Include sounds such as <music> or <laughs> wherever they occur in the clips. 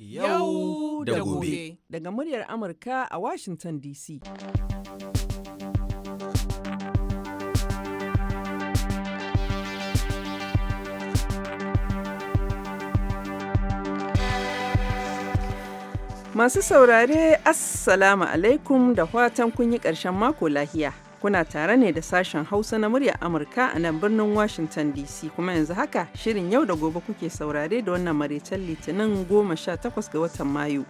yau da gobe daga muryar Amurka a Washington DC. Masu saurare, Assalamu alaikum da fatan kun yi ƙarshen mako lahiya. Kuna tare ne da sashen Hausa na murya Amurka a nan birnin Washington DC kuma yanzu haka shirin yau da gobe kuke saurare da wannan maritan litinin 18 ga watan Mayu.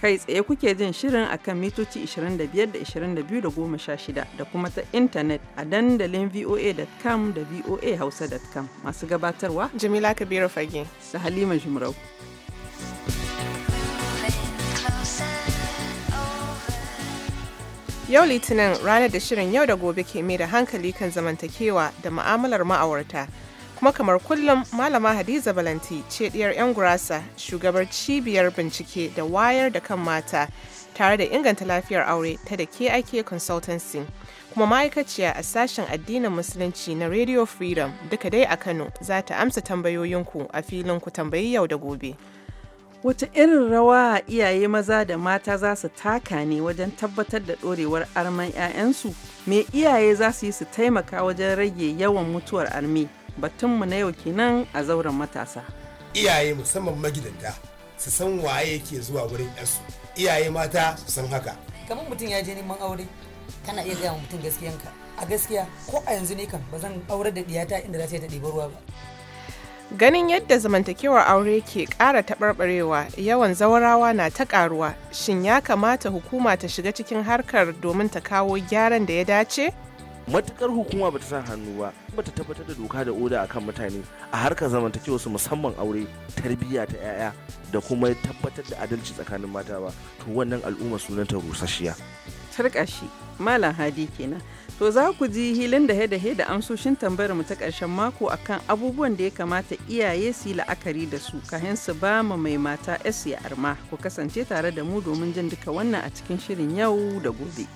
Kai tsaye kuke jin shirin akan mitoci 25 da 22 da 16 da kuma ta intanet a dandalin voa.com da voa hausa.com masu gabatarwa Jamila Kabiru Fage da Halima Jumrau. Yau Litinin ranar da shirin yau da gobe ke mai da hankali kan zamantakewa da ma'amalar ma'aurata. Kuma kamar kullum Malama Hadiza Balanti ce ɗiyar 'yan gurasa shugabar cibiyar bincike da wayar da kan mata tare da inganta lafiyar aure ta da ake Consultancy. Kuma ma'aikaciya a sashen addinin Musulunci na Radio Freedom duka dai a Kano za ta amsa tambayoyinku a filin ku tambayi yau da gobe. Wata irin rawa iyaye maza da mata za su taka ne wajen tabbatar da ɗorewar arman 'ya'yansu? Me iyaye za su yi su taimaka wajen rage yawan mutuwar armi? Batunmu na yau kenan a zauren matasa. Iyaye musamman magidanta su san waye ke zuwa wurin 'yansu. Iyaye mata su san haka. Kamar mutum ya je neman aure, kana iya gaya mutum gaskiyanka. A gaskiya ko a yanzu ne kam ba zan aure da diyata inda za ta yi ta ɗiba ruwa ba. Ganin yadda zamantakewar aure ke ƙara taɓarɓarewa yawan zaurawa na ta ƙaruwa, shin ya kamata hukuma ta shiga cikin harkar domin ta kawo gyaran da ya dace? Matuƙar hukuma bata sa hannu ba bata tabbatar da doka da oda akan mutane a harkar zamantakewar su musamman aure tarbiyya ta yaya da kuma tabbatar da adalci tsakanin mata ba to wannan al'umma sunanta rusashiya tarkashi malam hadi kenan To za ku ji hilin da dahe da amsoshin tambayar mu ta ƙarshen mako akan abubuwan da ya kamata iyaye su yi la'akari da su kahin su ba ma mai mata S ya arma. Ku kasance tare da mu domin jin duka wannan a cikin shirin yau da gobe.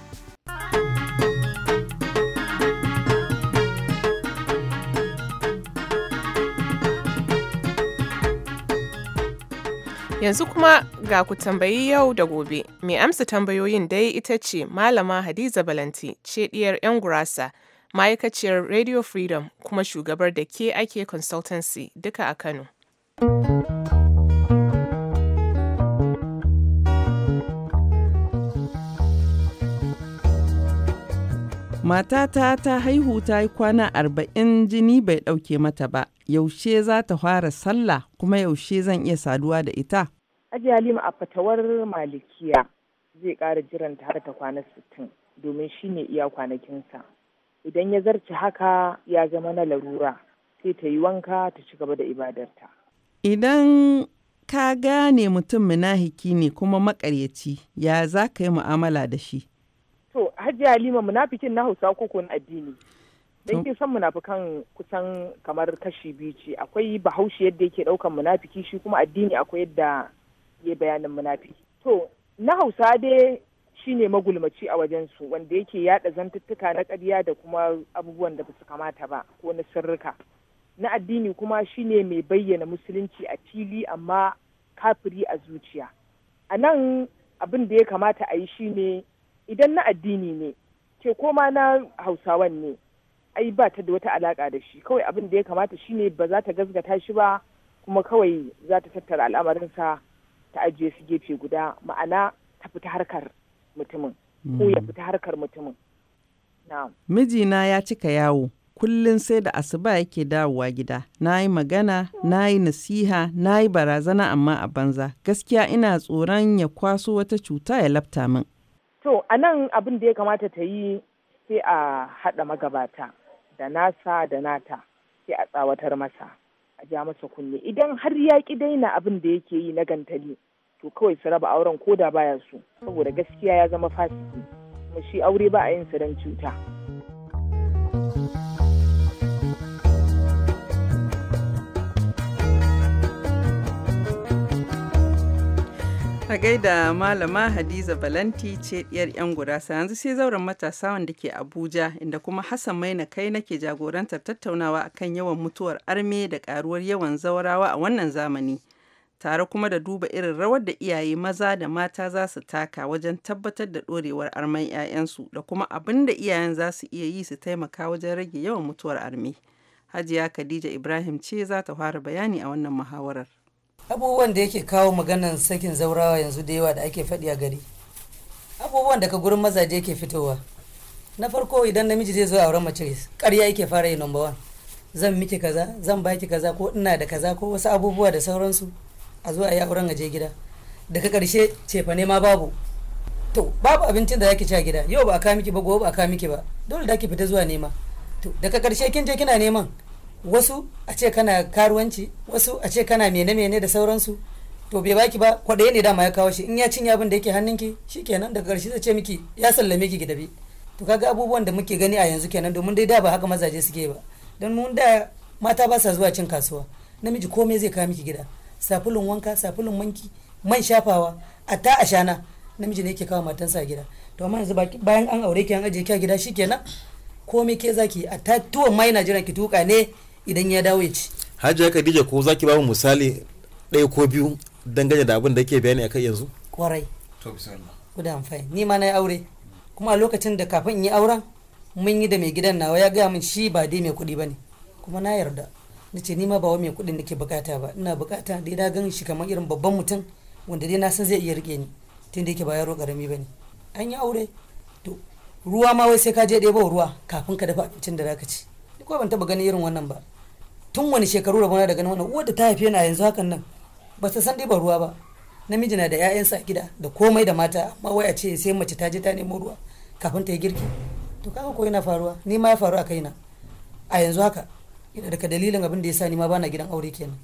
Yanzu kuma ga ku tambayi yau da gobe. Mai amsa tambayoyin dai ita ce Malama Hadiza Balanti, ce ɗiyar 'yan gurasa, ma'aikaciyar Radio Freedom kuma shugabar da ke ake consultancy duka a Kano. Matata ta haihu ta yi kwana arba'in jini bai ɗauke mata ba, yaushe za ta fara sallah kuma yaushe zan iya saduwa da ita? Aji Halima a fatawar malikiya zai ƙara ta har ta kwana sittin domin shi ne iya kwanakinsa. Idan ya zarce haka ya zama na larura sai ta yi wanka ta ci gaba da ibadarta. Idan ka gane mutum munahiki ne kuma maƙaryaci ya za ka yi mu'amala da shi? To, Hajiya Halima munafikin na Hausa ko na addini? don kin san munafikan kusan kamar kashi biyu ce akwai bahaushe yadda yake daukan munafiki shi kuma addini akwai yadda ya bayanin munafiki to na hausa dai shine magulmaci a wajensu wanda yake yada zantuttuka na ƙarya da kuma abubuwan da basu kamata ba ko na sirrika na addini kuma shine mai bayyana musulunci a fili amma kafiri a zuciya a nan abin da ya kamata a yi shine idan na addini ne ke koma na hausawan ne ai ba ta da wata alaka da shi kawai abin da ya kamata shine ba za ta gazgata shi ba kuma kawai za ta tattara al'amarinsa ta ajiye su gefe guda ma'ana ta fita harkar mutumin ko ya mm. fita harkar mutumin mijina ya cika yawo kullum sai da asuba yake dawowa gida na yi magana na yi nasiha na yi barazana amma a banza gaskiya ina tsoron ya kwaso wata cuta ya lafta min to a nan abin da ya kamata ta yi sai a haɗa magabata da nasa da nata sai a tsawatar masa a ja masa kunne idan har ya ki daina abin da yake yi na gantali to kawai su raba auren ko da baya su saboda gaskiya ya zama fasiki kuma shi aure ba a yin sa don cuta A gaida Malama Hadiza Balanti ce ɗiyar 'yan gurasa yanzu sai zauren matasa wanda ke Abuja inda kuma Hassan Maina kai nake jagorantar tattaunawa akan yawan mutuwar arme da karuwar yawan zaurawa a wannan zamani. Tare kuma da duba irin rawar da iyaye maza da mata za su taka wajen tabbatar da ɗorewar armen 'ya'yansu da kuma abin da iyayen za su iya yi su taimaka wajen rage yawan mutuwar arme. Hajiya Khadija Ibrahim ce za ta fara bayani a wannan muhawarar. abubuwan da yake kawo maganan sakin zaurawa yanzu da yawa da ake faɗi a gari abubuwan daga gurin mazaje yake fitowa na farko idan namiji zai zo auren mace ƙarya yake fara yi number one zan miki kaza zan baki kaza ko ina da kaza ko wasu abubuwa da sauransu a zo a yi auren aje gida daga ƙarshe cefa ne ma babu to babu abincin da zaki ci a gida yau ba a kawo miki ba gobe ba a kawo miki ba dole da ki fita zuwa nema to daga ƙarshe kin je kina neman wasu a ce kana karuwanci wasu a ce kana mene-mene da sauransu to bai baki ba kwaɗaya ne dama ya kawo shi in ya cinye abin da yake hannunki kenan daga ƙarshe zai ce miki ya sallame ki gidabi to kaga abubuwan da muke gani a yanzu kenan domin dai da ba haka mazaje suke ba don mun da mata ba sa zuwa cin kasuwa namiji komai zai kawo miki gida safulun wanka safulun wanki man shafawa a ta a shana namiji ne yake kawo matansa a gida to amma yanzu bayan an aure ki an ajiye ki a gida kenan komai ke zaki a ta tuwon mai na jiran ki tuka ne idan ya dawo ya ci hajiya khadija ko za ki ba mu misali ɗaya ko biyu dangane da abin da ke bayani akai yanzu kwarai to bismillah amfani ni ma na yi aure kuma a lokacin da kafin in yi auren mun yi da mai gidan nawa ya gaya min shi ba dai mai kuɗi ba ne kuma na yarda na ce ni ma ba wa mai kuɗin nake bukata ba ina bukata dai na gan shi kamar irin babban mutum wanda dai na san zai iya rike ni tun da yake ba yaro ƙarami ba ne an yi aure to ruwa ma wai sai ka je ɗebo ruwa kafin ka dafa abincin da za ka ci ni ko ban taɓa ganin irin wannan ba tun wani shekaru rabona daga nan wannan uwar da ta haife na yanzu hakan nan ba ta san dai ba ruwa ba namiji na da ƴaƴansa a gida da komai da mata amma wai a ce sai mace ta je ta nemo ruwa kafin ta yi girki to kaga ko yana faruwa ni ma ya faru a kaina a yanzu haka ina daga dalilin abin da sa ni ma bana gidan aure kenan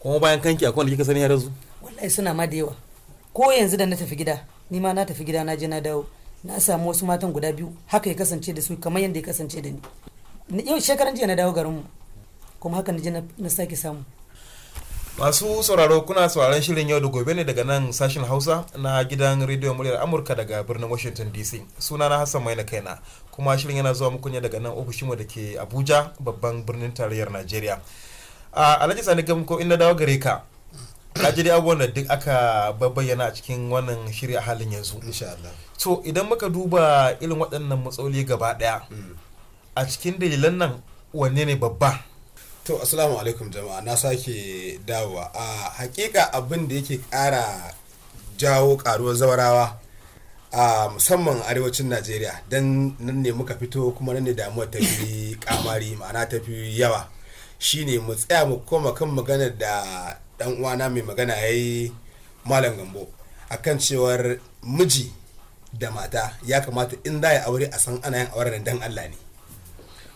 kuma bayan kanki akwai wanda kika sani har yanzu wallahi suna ma da yawa ko yanzu da na tafi gida ni ma na tafi gida na je na dawo na samu wasu matan guda biyu haka ya kasance da su kamar yadda ya kasance da ni yau shekaran jiya na dawo garinmu. kuma haka na na sake samu masu sauraro kuna sauraron shirin yau da gobe ne daga nan sashen hausa na gidan rediyon muryar amurka daga birnin washington dc suna na hassan kai kaina kuma shirin yana zuwa muku ne daga nan ofishinmu da ke abuja babban birnin tarayyar najeriya a alhaji sani gam ko inda dawo gare ka a dai abubuwan da duk aka bayyana a cikin wannan shiri a halin yanzu to idan muka duba irin waɗannan matsaloli gaba ɗaya mm. a cikin dalilan nan wanne ne babba to assalamu alaikum jama'a na sake dawowa a hakika abin da yake kara jawo karuwar zawarawa a musamman arewacin najeriya don nan ne muka fito kuma nan ne damuwar ta fi kamari ma'ana ta fi yawa shine mu tsaya mu koma kan magana da dan uwana mai magana ya yi malam gambo akan cewar miji da mata ya kamata in za a yi aure a san ana yin auren dan allah ne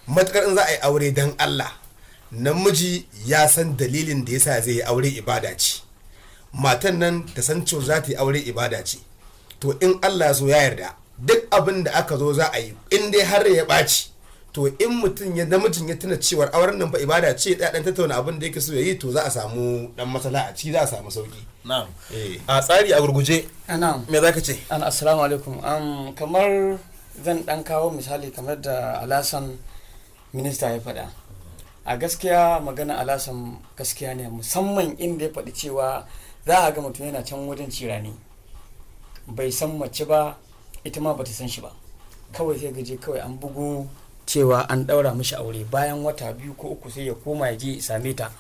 matukar in za a yi aure dan allah namiji ya san dalilin da yasa zai yi aure ibada ce matan nan ta san cewa za ta yi aure ibada ce to in Allah so ya yarda duk abin da aka zo za a yi in dai har ya ɓaci to in mutum ya namijin ya tuna cewa auren nan fa ibada ce da dan tattauna abin da yake so yayi to za a samu dan matsala a ciki za a samu sauki na'am eh. a tsari a gurguje ah, na'am me zaka ce an assalamu alaikum um kamar zan dan kawo misali kamar da alasan minista ya faɗa a gaskiya magana alasan gaskiya ne musamman inda ya faɗi cewa za a ga mutum yana can wajen cira ne bai san mace ba ita ma bata san shi ba kawai sai gaje kawai an bugu cewa an ɗaura mishi aure bayan wata biyu ko uku sai ya koma ya je same ta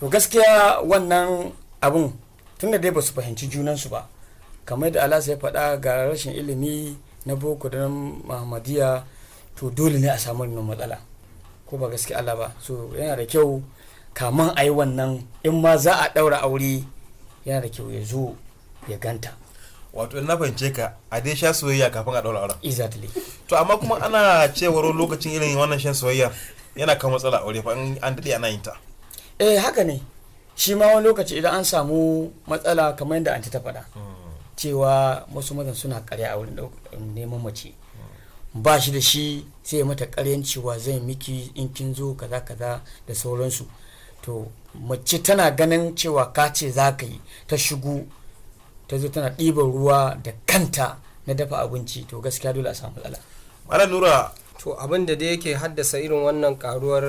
to gaskiya wannan abun tunda dai basu su fahimci junansu ba kamar da alasa ya faɗa ga rashin ilimi na boko da muhammadiya to dole ne a samu matsala ko ba gaske Allah ba so yana da kyau kaman a yi wannan in ma za a ɗaura aure yana da kyau ya zo ya ganta wato na fahimce ka a dai sha soyayya kafin a ɗaura auren exactly to amma kuma ana cewar lokacin irin wannan shan soyayya yana kan matsala aure fa an dade ana yin ta eh haka ne shi ma wani lokaci idan an samu matsala kamar yadda an ta faɗa hmm. cewa wasu mazan suna karya a wurin neman mace ba shi da shi sai ya mata karyan cewa zai miki in kin zo kaza kaza da sauransu to mace tana ganin cewa kace ce za ka yi ta shigo ta zo tana ɗiban ruwa da kanta na dafa abinci to gaskiya dole a samu tsala. mara nura to abin da da yake haddasa irin wannan karuwar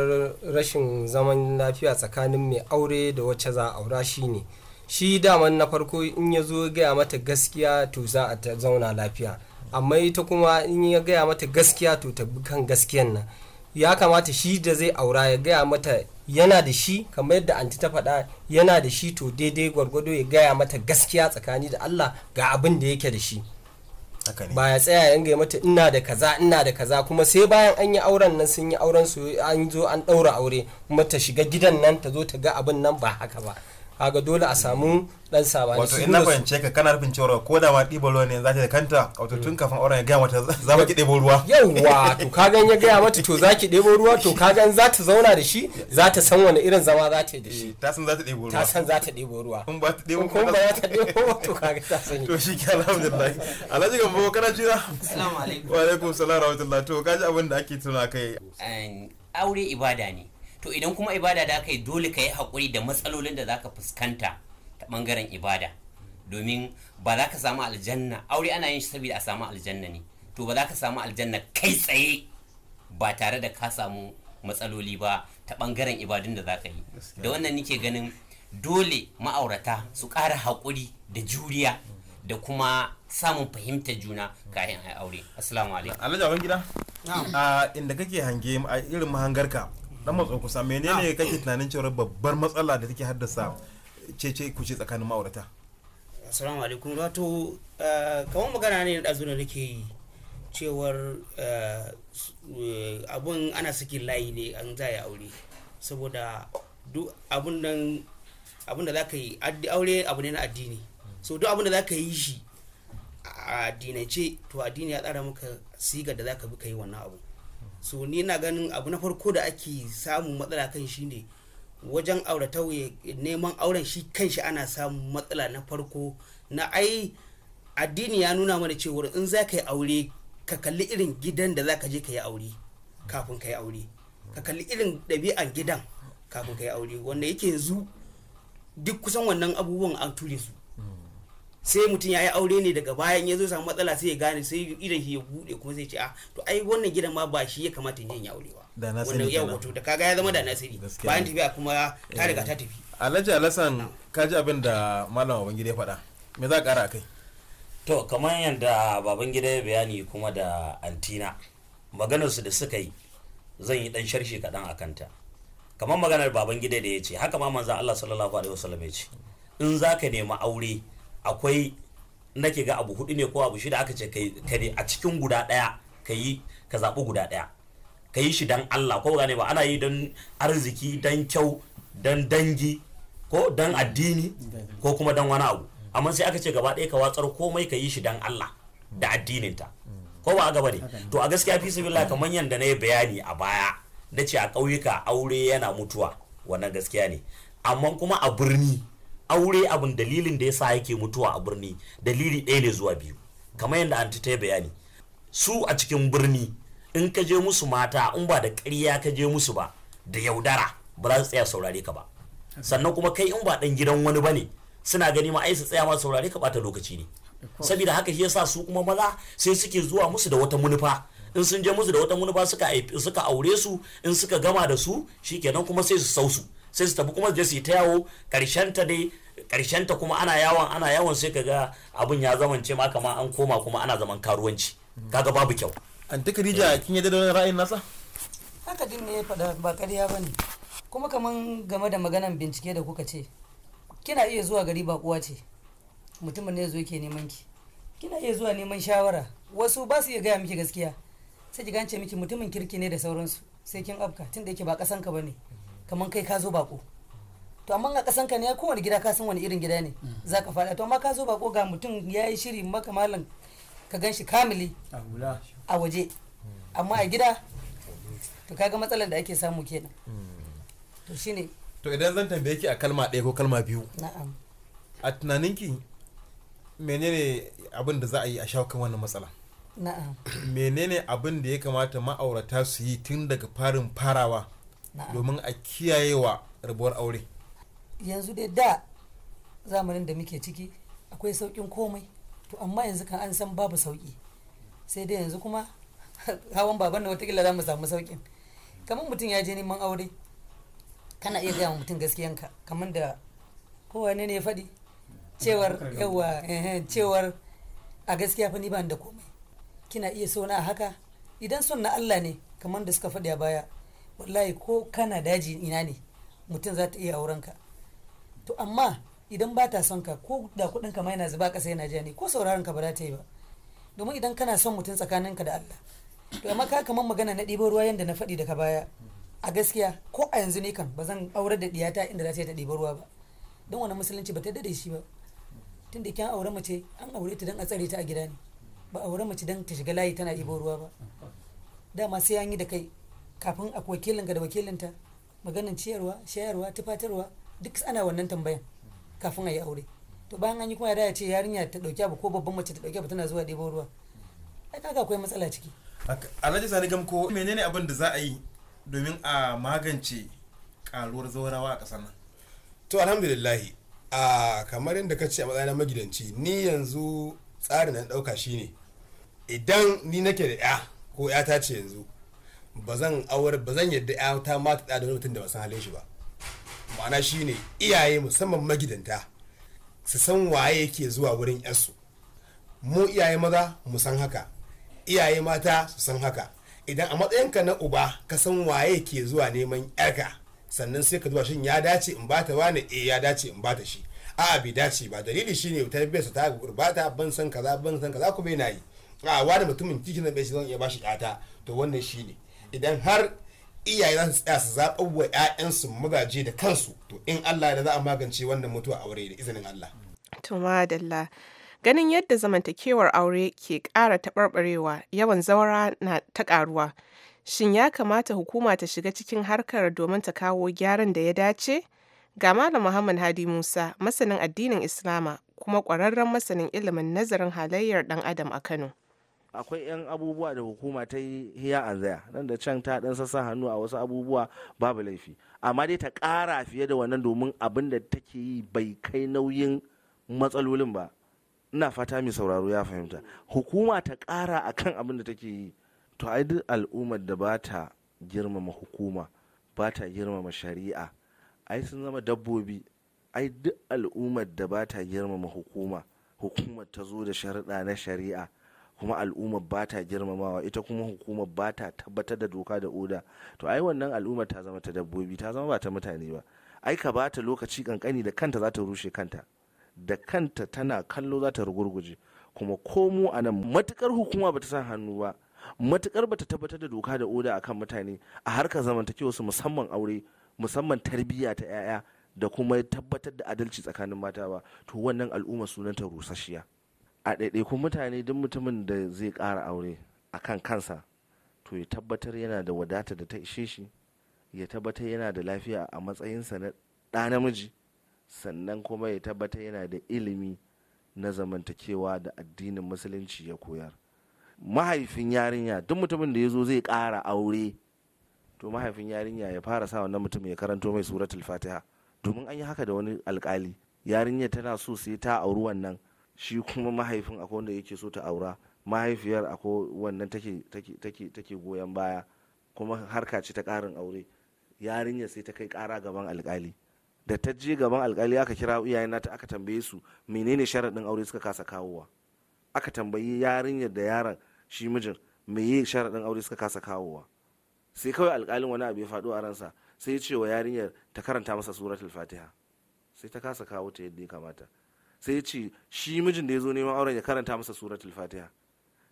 rashin zaman lafiya tsakanin mai aure da wacce za a aura ne shi daman na farko in ya zo gaya mata gaskiya to za a zauna lafiya amma ita kuma in ya gaya mata gaskiya to ta bi kan gaskiyan nan ya kamata shi da zai aura ya gaya mata yana da shi kamar yadda anti ta faɗa yana da shi to daidai gwargwado ya gaya mata gaskiya tsakani da Allah ga abin da yake da shi ba ya tsaya ya gaya mata ina da kaza ina da kaza kuma sai bayan an yi auren nan sun yi auren su an zo an ɗaura aure kuma ta shiga gidan nan ta zo ta ga abin nan ba haka ba ga dole a samu dan sabani wato ina fahimce ka kana rufin cewa ko da ma ɗiba ruwa ne za ta da kanta wato tun kafin auren ya gaya mata za mu ki ɗebo ruwa yawa to kaga ya gaya mata to za ki ɗebo ruwa to kaga in za ta zauna da shi za ta san wani irin zama za ta yi da shi eh, ta san za ta ɗebo ruwa ta san za ta ɗebo ruwa kun ba ta ɗebo ko ba ta ɗebo to kaga ta sani to shi ke alhamdulillah alhaji gambo kana jira assalamu alaikum wa alaikum salam rahmatullah to kaji abin da ake tuna kai aure ibada ne to idan kuma ibada da aka yi dole ka yi haƙuri da matsalolin da za ka fuskanta ta ɓangaren ibada domin ba za ka samu aljanna aure ana yin shi saboda a samu aljanna ne to ba za ka samu aljanna kai tsaye ba tare da ka samu matsaloli ba ta ɓangaren ibadun da za ka yi da wannan nike ganin dole ma'aurata su ƙara haƙuri da juriya da kuma samun fahimtar juna kayan aure assalamu alaikum alhaji gida inda kake hange irin mahangarka dan matsa kusa menene ah. kake tunanin cewa babbar matsala da take haddasa cece kuce tsakanin ma'aurata assalamu alaikum wato eh, kamar magana ne da zuwa nake yi cewar eh, abun ana sakin layi ne an za aure saboda duk abun nan abun da za ka yi aure abu ne na addini so duk abun da za ka yi shi a addinance to addini ya tsara maka siga da za ka bi ka yi wannan abun. so ni na ganin abu na farko da ake samun matsala kan shi ne wajen aurata neman auren shi kanshi ana samun matsala na farko na ai addini ya nuna mana cewa in za ka yi aure ka kalli irin gidan da za ka je ka yi aure kafin ka yi aure ka kalli irin ɗabi'an gidan kafin ka yi aure wanda yake yanzu duk kusan wannan abubuwan an ture su sai mutum ya yi aure ne daga bayan ya zo samu matsala sai ya gane sai idan shi ya bude kuma sai ce a ah, to ai wannan gidan ma ba shi ya kamata yin ya aure ba da nasiri ya wato da kaga ya zama da nasiri bayan tafiya kuma ta riga ta eh. tafi alhaji alasan ka ji abin da malam babangida ya faɗa me za ka ƙara kai to kamar yadda babangida ya bayani kuma da antina maganarsu da suka yi zan yi dan sharshi kaɗan a kanta kamar maganar babangida da ya ce haka ma manzan allah sallallahu alaihi wasallam ya ce in za ka nemi aure akwai nake ga abu hudu ne ko abu shida aka ce ka a cikin guda daya ka yi ka zaɓi guda daya ka yi shi dan Allah ko gane ba ana yi don arziki dan kyau dan dangi ko dan addini ko kuma dan wani abu amma sai aka ce gaba ɗaya ka watsar komai ka yi shi dan Allah da addininta ko ba a gaba ne to a gaskiya fi sabila kamar yadda na yi bayani a baya na ce a ƙauyuka aure yana mutuwa wannan gaskiya ne amma kuma a birni aure abin dalilin da ya sa yake mutuwa a birni dalili ɗaya ne zuwa biyu kamar yadda an ta bayani su a cikin birni in ka je musu mata in ba da ƙarya ka je musu ba da yaudara ba za su tsaya saurare ka ba sannan kuma kai in ba ɗan gidan wani ba ne suna gani ma ai su tsaya ma saurare ka ta lokaci ne saboda haka shi yasa su kuma maza sai suke zuwa musu da wata manufa in sun je musu da wata manufa suka suka aure su in suka gama da su shi kenan kuma sai su sau su sai su tafi kuma su je su yi ta yawo karshen ta dai karshen ta kuma ana yawon ana yawon sai kaga abin ya zamance ma kamar an koma kuma ana zaman karuwanci kaga babu kyau an ta Khadija eh. kin yadda da ra'ayin nasa haka din ne ya faɗa ba ƙarya ne kuma kaman game da maganan bincike da kuka ce kina iya zuwa gari ba kuwa ce mutumin ne zo yake neman ki kina iya zuwa neman shawara wasu ba su iya gaya miki gaskiya sai ki gance miki mutumin kirki ne da sauransu sai kin afka tunda yake ba kasan ka ne. kamar kai ka zo bako to amma a kasan ka ne kowane gida ka san wani irin gida ne za ka faɗa to amma ka zo bako ga mutum ya yi shiri maka malam ka gan shi kamili a waje amma a gida to kaga matsalar da ake samu kenan to shine to idan zan tambaye ki a kalma ɗaya ko kalma biyu na'am a tunaninki menene abin da za a yi a shawo kan wannan matsala na'am menene abin da ya kamata ma'aurata su yi tun daga farin farawa domin a kiyaye wa rabuwar aure yanzu dai da zamanin da muke ciki akwai sauƙin komai to amma yanzu kan an san babu sauƙi sai dai yanzu kuma <laughs> hawan baban da watakila za mu samu sauƙin kamar mutum ya je neman aure kana iya gaya mutum gaskiyanka kamar da kowane ne ya faɗi cewar yawa eh, cewar a gaskiya fa ni ba da komai kina iya sona haka idan son na Allah ne kamar da suka faɗi a baya wallahi ko kana daji ina ne mutum za ta iya auren ka to amma idan ba ta son ka ko da kuɗin ka ma yana zuba ƙasa yana ja ne ko sauraron ka ba za ta yi ba domin idan kana son mutum tsakanin ka da Allah to amma ka kamar magana na ɗibo ruwa yanda na faɗi daga baya a gaskiya ko a yanzu ne kan ba zan aure da diyata inda za ta yi ta ɗibo ruwa ba don wani musulunci ba ta dade shi ba tun da kyan aure mace an aure ta don a tsare ta a gida ne ba aure mace don ta shiga layi tana ɗibo ruwa ba dama sai an yi da kai kafin a wakilinka da wakilinta maganin ciyarwa shayarwa tufatarwa duk ana wannan tambayan kafin a yi aure to bayan an yi kuma ya ce yarinya ta dauki abu ko babban mace ta dauki abu tana zuwa ɗebo ruwa ai kaga akwai matsala ciki alhaji sani gamko menene abin da za a yi domin a magance karuwar zaurawa a ƙasar nan to alhamdulillahi a kamar yadda ka ce a matsayin magidanci ni yanzu tsarin na ɗauka shine idan ni nake da ya ko ya ta ce yanzu ba zan aure ba zan yadda ta ma ta da mutum da ba san halin shi ba ma'ana shine iyaye musamman magidanta su san waye yake zuwa wurin yarsu mu iyaye maza mu san haka iyaye mata su san haka idan a matsayinka na uba ka san waye ke zuwa neman yarka sannan sai ka zuwa shin ya dace in bata wani eh ya dace in bata shi a'a bai dace ba dalili shine tarbiyarsa ta gurbata ban san kaza ban san kaza kuma yana yi a wani mutumin cikin na bai zan iya bashi kata to wannan shine idan har iyaye za su tsaya su zaɓar wa 'ya'yansu magaje da kansu to in Allah da za a magance wannan mutuwa aure da izinin Allah. Tuma ganin yadda zamantakewar aure ke ƙara taɓarɓarewa yawan zawara na ta ƙaruwa. Shin ya kamata hukuma ta shiga cikin harkar domin ta kawo gyaran da ya dace? Ga Malam Muhammad Hadi Musa, masanin addinin Islama kuma ƙwararren masanin ilimin nazarin halayyar ɗan Adam a Kano. akwai 'yan abubuwa da hukuma ta yi hiya an zaya nan da can ta dan sassa hannu a wasu abubuwa babu laifi amma dai ta kara fiye da wannan domin abin da take yi bai kai nauyin matsalolin ba ina fata mai sauraro ya fahimta hukuma ta kara akan abin da take yi to ai duk al'ummar da ba ta girmama hukuma ba ta girmama shari'a ai sun zama dabbobi ai duk al'ummar da ba ta girmama hukuma hukumar ta zo da sharaɗa na shari'a kuma al'ummar ba ta girmamawa ita kuma hukumar ba ta tabbatar da doka da oda to ai wannan al'ummar ta zama ta dabbobi ta zama ba ta mutane ba ai ka ba ta lokaci kankani da kanta za ta rushe kanta da kanta tana kallo za ta rugurguje kuma ko mu a nan matukar hukuma ba ta san hannu ba matukar ba ta tabbatar da doka da oda akan mutane a harkar zamantakewa su musamman aure musamman tarbiyya ta 'ya'ya da kuma tabbatar da adalci tsakanin mata ba to wannan al'umma sunanta rusashiya a ɗaiɗaikun mutane duk mutumin da zai ƙara aure a kan kansa to ya tabbatar yana da wadata da ta ishe shi ya tabbatar yana da lafiya a matsayinsa na ɗa namiji sannan kuma ya tabbatar yana da ilimi na zamantakewa da addinin musulunci ya koyar mahaifin yarinya duk mutumin da ya zo zai ƙara aure to mahaifin yarinya ya fara sa wannan mutum ya karanto mai suratul fatiha domin an yi haka da wani alkali yarinya tana so sai ta auri wannan shi kuma mahaifin akwai wanda yake so ta aura mahaifiyar akwai wannan take goyon baya kuma harka ce ta karin aure yarinya sai ta kai kara gaban alƙali da ta je gaban alkali aka kira iyayen nata aka tambaye su menene sharaɗin aure suka kasa kawowa aka tambayi yarinyar da yaron shi mijin meye sharaɗin aure suka kasa kawowa sai kawai alkalin wani abu ya faɗo a ransa sai ya ce wa yarinyar ta karanta masa suratul fatiha sai ta kasa kawo ta yadda ya kamata sai ya ce shi mijin da ya zo neman auren ya karanta masa suratul fatiha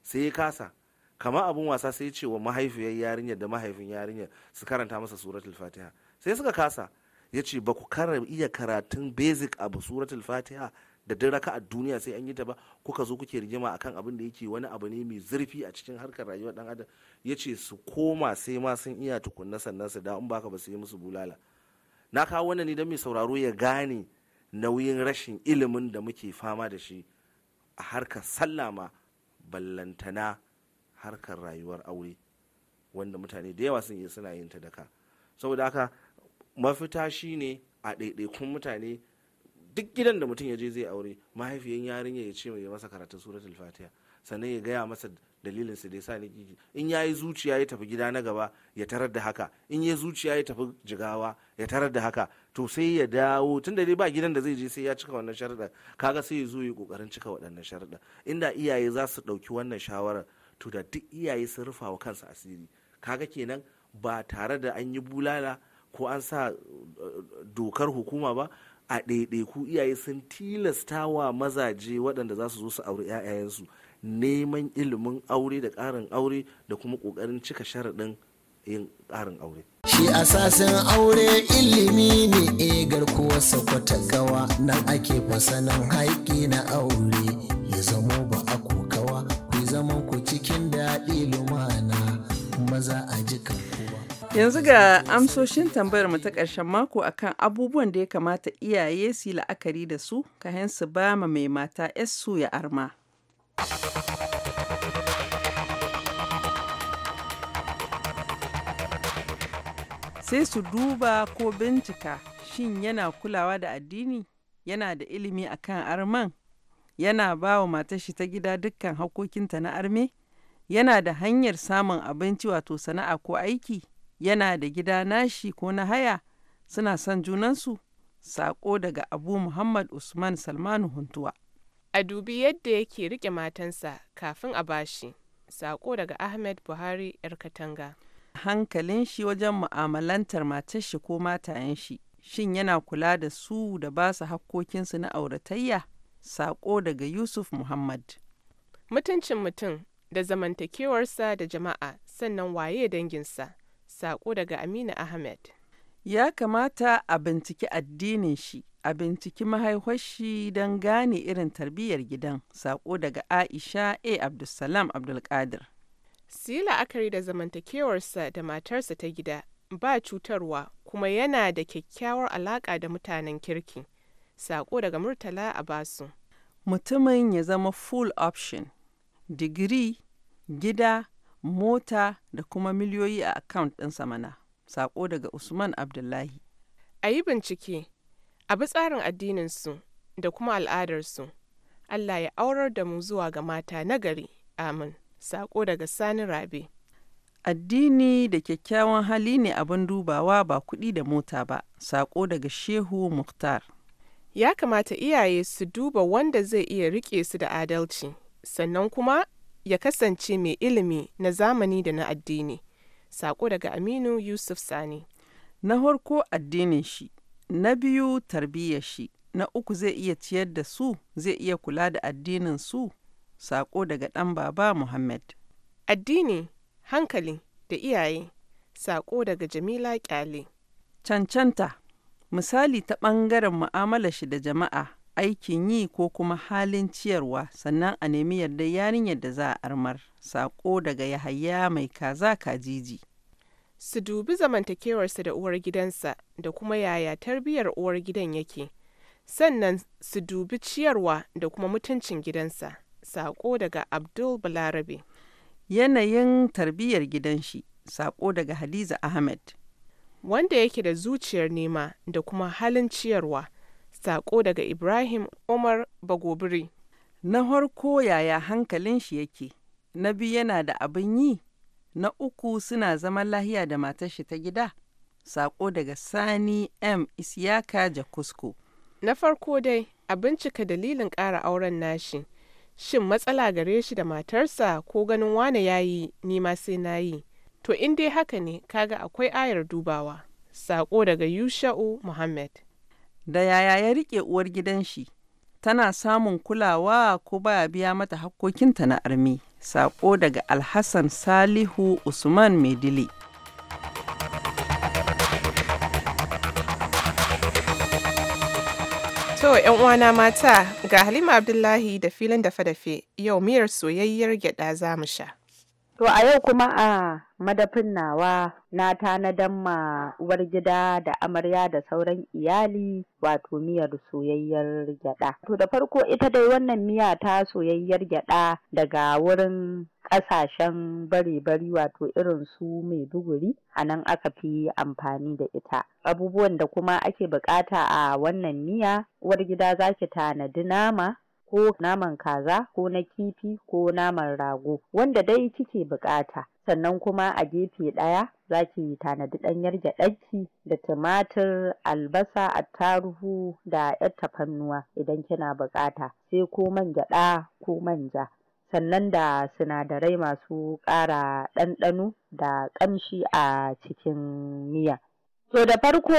sai ya kasa kama abun wasa sai ya ce wa mahaifiyar yarinyar da mahaifin yarinyar su karanta masa suratul fatiha sai suka kasa ya ce ba ku kara iya karatun basic abu suratul fatiha da duk raka a duniya sai an yi ta ba kuka zo kuke rigima akan abin da yake wani abu ne mai zurfi a cikin harkar rayuwar dan adam ya ce su koma sai ma sun iya tukunna sannan su da in baka ba su yi musu bulala na kawo wannan ne don mai sauraro ya gane nauyin rashin ilimin da muke fama da shi a harkar sallama ballantana harkar rayuwar aure wanda mutane da yawa sun yi suna yin ta daka saboda haka mafita shi ne a ɗaiɗaikun mutane duk gidan da mutum ya je zai aure mahaifiyan yarinya ya ce mai masa karatun suratul fatiha sannan ya gaya masa dalilin su da sa ni gigi in yayi zuciya ya tafi gida na gaba ya tarar da haka in ya zuciya ya tafi jigawa ya tarar da haka to sai ya dawo tun da dai ba gidan da zai je sai ya cika wannan sharuɗa kaga sai ya zo ya kokarin cika waɗannan sharuɗa inda iyaye za su ɗauki wannan shawara to da duk iyaye sun rufa wa kansu asiri kaga kenan ba tare da an yi bulala ko an sa eh, dokar hukuma ba a ɗaiɗaiku iyaye sun tilasta wa mazaje waɗanda za su zo su auri 'ya'yayensu neman ilimin aure da ƙarin aure da kuma ƙoƙarin cika sharaɗin yin ƙarin aure shi asasin aure ilimi ne e eh, garkuwa kwata gawa nan ake fasanin haiki na aure ya zamo ba a kokawa ku zaman ku cikin daɗi lumana maza a jikan yanzu ga amsoshin tambayar mu ta ƙarshen mako akan abubuwan da ya kamata iyaye su yi la'akari da su ka su ba ma mai mata su ya arma. sai su duba ko bincika shin yana kulawa da addini yana da ilimi akan arman yana ba wa matar shi ta gida dukkan hakokinta na arme yana da hanyar samun abinci wato sana'a ko aiki yana da gida nashi ko na haya suna son junansu sako daga abu muhammad usman salmanu huntuwa a dubi yadda yake rike matansa kafin a bashi sako daga ahmed buhari yar katanga hankalin shi wajen mu'amalantar matar shi ko matayen shi shin yana kula da su da ba su hakkokinsu na auratayya saƙo daga yusuf muhammad mutuncin mutum da zamantakewarsa da jama'a sannan waye danginsa saƙo daga amina ahmed ya kamata a binciki addinin shi a binciki mahaifar don gane irin tarbiyyar gidan saƙo daga aisha a abdulsalam abdulkadir su yi la'akari da zamantakewarsa da matarsa ta gida ba cutarwa kuma yana da kyakkyawar alaƙa da mutanen kirki. Sako daga Murtala a basu. Mutumin ya zama full option, digiri, gida, mota da kuma miliyoyi a account ɗin sama'na, Sako daga Usman Abdullahi. A yi bincike, a bi tsarin addininsu da kuma al'adarsu. Allah ya aurar da mu zuwa ga mata nagari. Amin. Sako daga Sani Rabe. Addini da kyakkyawan hali ne abin dubawa ba kuɗi da mota ba. Sako daga Shehu Muktar. Ya kamata iyaye su duba wanda zai iya riƙe su da adalci, sannan kuma ya kasance mai ilimi na zamani da na addini. Sako daga Aminu Yusuf Sani. Na harko addinin shi, na biyu tarbiyyar shi, na uku zai iya ciyar da su, zai iya kula da addinin su, Sako daga ɗan baba Muhammad. Addini, hankali da iyaye. Sako daga Jamila Kyale. Cancanta, misali ta ɓangaren mu'amala shi da jama'a, aikin yi ko kuma halin ciyarwa, sannan a nemi yarda yarinyar da za a armar. Sako daga Yahaya mai kaza kajiji. Su dubi zamantakewarsa da uwar gidansa da kuma yaya tarbiyyar uwar gidan yake. sannan su dubi ciyarwa da kuma mutuncin gidansa. Sako daga Abdul Balarabe. Yanayin tarbiyyar gidan shi. Sako daga Hadiza Ahmed. Wanda yake da zuciyar nema da kuma halin ciyarwa. Sako daga Ibrahim Umar Bagobiri. Na harko yaya hankalin shi yake, na biyu yana da abin yi, na uku suna zama lahiya da matar shi ta gida. Sako daga Sani M. Isiyaka Jakusko. Na farko dai, abincika dalilin ƙara auren nashi. shin matsala gare shi da matarsa ko ganin wane ya yi ni ma sai na yi to in dai haka ne kaga akwai ayar dubawa Saƙo daga yusha'u muhammad da yaya ya riƙe uwar gidan shi tana samun kulawa ko baya biya mata hakkokinta na armi Saƙo daga alhassan salihu usman dili. To ‘yan uwana mata ga Halima Abdullahi da filin dafe-dafe yau miyar soyayyar gyaɗa za mu sha. To a yau kuma a madafin nawa na tanadan ma uwar gida da amarya da sauran iyali wato miyar soyayyar gyada. To da farko ita dai wannan miya ta soyayyar gyada daga wurin kasashen bare-bari wato irin su mai maiduguri a nan aka fi amfani da ita. Abubuwan da kuma ake bukata a wannan miya uwar gida za ki tanadi nama ko naman kaza ko na kifi ko naman rago wanda dai kike bukata sannan kuma a gefe ɗaya za ki tanadi ɗanyar gyaɗaki da tumatir albasa taruhu da yar tafannuwa idan kina bukata sai ko man gyaɗa ko manja sannan da sinadarai masu ƙara ɗanɗano da ƙamshi a cikin miya To da farko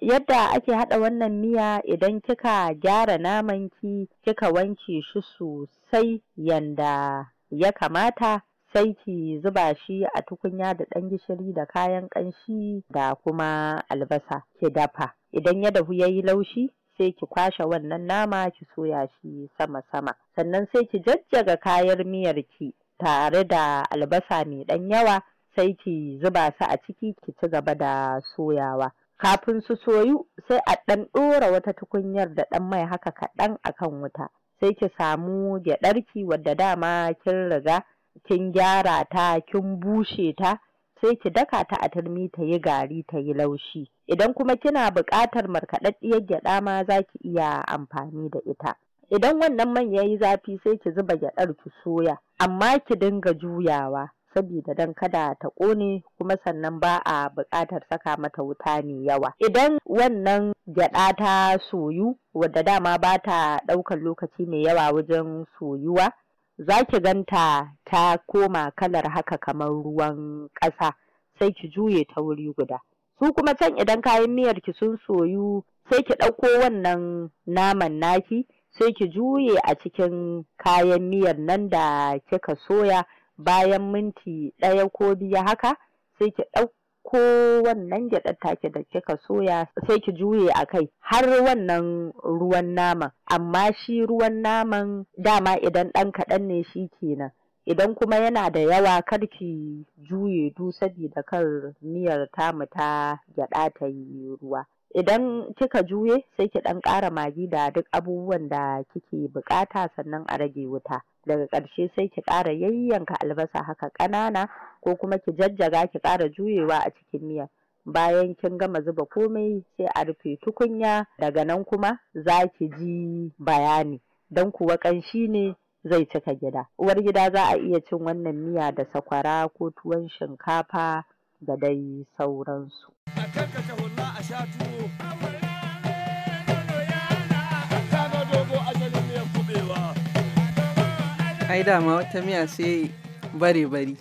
yadda ake haɗa wannan miya idan kika gyara naman ki kika wanke shi sosai yanda ya kamata sai ki zuba shi a tukunya da ɗan gishiri da kayan ƙanshi da kuma albasa ki dafa. Idan ya dahu yayi laushi sai ki kwashe wannan nama ki soya shi sama-sama. Sannan sai ki jajjaga kayan miyar ki tare da albasa mai ɗan yawa sai ki zuba su a ciki ki ci gaba da soyawa kafin su soyu sai a ɗan ɗora wata tukunyar da ɗan mai haka kaɗan a kan wuta sai ki samu gyaɗarki wadda dama kin riga kin gyara ta kin bushe ta sai ki daka ta a turmi ta yi gari ta yi laushi idan kuma kina buƙatar markaɗaɗɗiyar gyaɗa ma za ki iya amfani da ita idan wannan man ya yi zafi sai ki zuba gyaɗar ki soya amma ki dinga juyawa saboda dan kada ta ƙone kuma sannan ba a buƙatar saka mata wuta mai yawa idan wannan gyaɗa ta soyu wadda dama ba ta ɗaukar lokaci mai yawa wajen soyuwa za ki ganta ta koma kalar haka kamar ruwan ƙasa sai ki juye ta wuri guda su kuma can idan kayan miyar ki sun soyu sai ki ɗauko wannan naman naki sai ki juye a cikin kayan miyar nan da kika soya bayan minti ɗaya ko biyu haka sai ki ɗauko wannan gyaɗar take da kika soya sai ki juye a kai har wannan ruwan naman amma shi ruwan naman dama idan ɗan kaɗan ne shi kenan idan kuma yana da yawa kar ki juye du sabida kar miyar tamu ta gyaɗa ta yi ruwa idan kika juye sai ki ɗan ƙara magi da duk abubuwan da kike buƙata sannan a rage wuta daga ƙarshe sai ki ƙara yayyanka albasa haka ƙanana ko kuma ki jajjaga ki ƙara juyewa a cikin miya bayan kin gama zuba komai sai a rufe tukunya daga nan kuma za ki ji bayani don kuwa ƙanshi ne zai cika gida uwar gida za a iya cin wannan miya da sakwara ko tuwon shinkafa da dai sauransu sha tuwo ai dama wata miya sai bare bari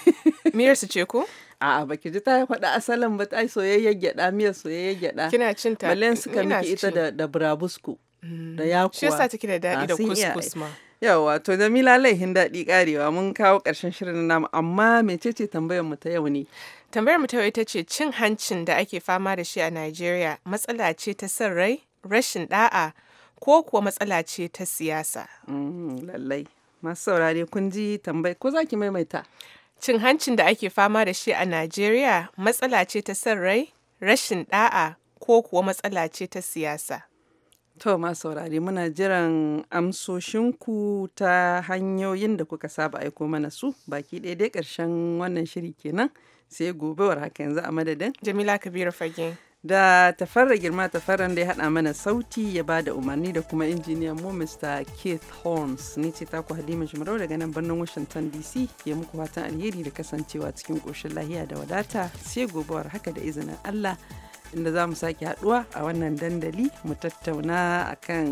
<laughs> miyar su ce ko a'a baki ji ta faɗa asalin ba ai soyayyar gyaɗa miyar soyayyar gyaɗa kina cin ta balen suka miki ita da da brabusco mm. da yakuwa shi yasa take da daɗi ah, da kuskus ma yawa to jamila laihin daɗi karewa mun kawo ƙarshen shirin namu amma mecece tambayar mu ta yau ne Tambayar mu ta ita ce cin hancin da ake fama da shi a Najeriya matsala ce ta son rai, rashin da'a ko kuwa matsala ce ta siyasa. Mm-hmm, lallai. Masu saurare kun ji tambayi ko za ki maimaita? Cin hancin da ake fama da shi a Najeriya matsala ce ta son rai, rashin da'a ko kuwa matsala ce ta siyasa. To masu saurare muna jiran amsoshinku ta hanyoyin da kuka saba aiko mana su baki ɗaya dai ƙarshen wannan shiri kenan. sai gobe war haka yanzu a madadin jamila kabiru fage da tafarra girma tafarran da ya haɗa mana sauti ya ba da umarni da kuma injiniyan mu mr keith holmes ni ce ta ku halima jimarau daga nan birnin washington dc ya muku fatan alheri da kasancewa cikin ƙoshin lahiya da wadata sai gobawar haka da izinin allah inda za mu sake haɗuwa a wannan dandali mu tattauna akan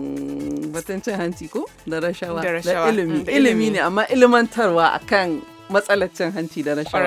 batancin hanci ko da rashawa da ilimi ilimi ne amma ilimantarwa akan matsalar cin hanci da rashawa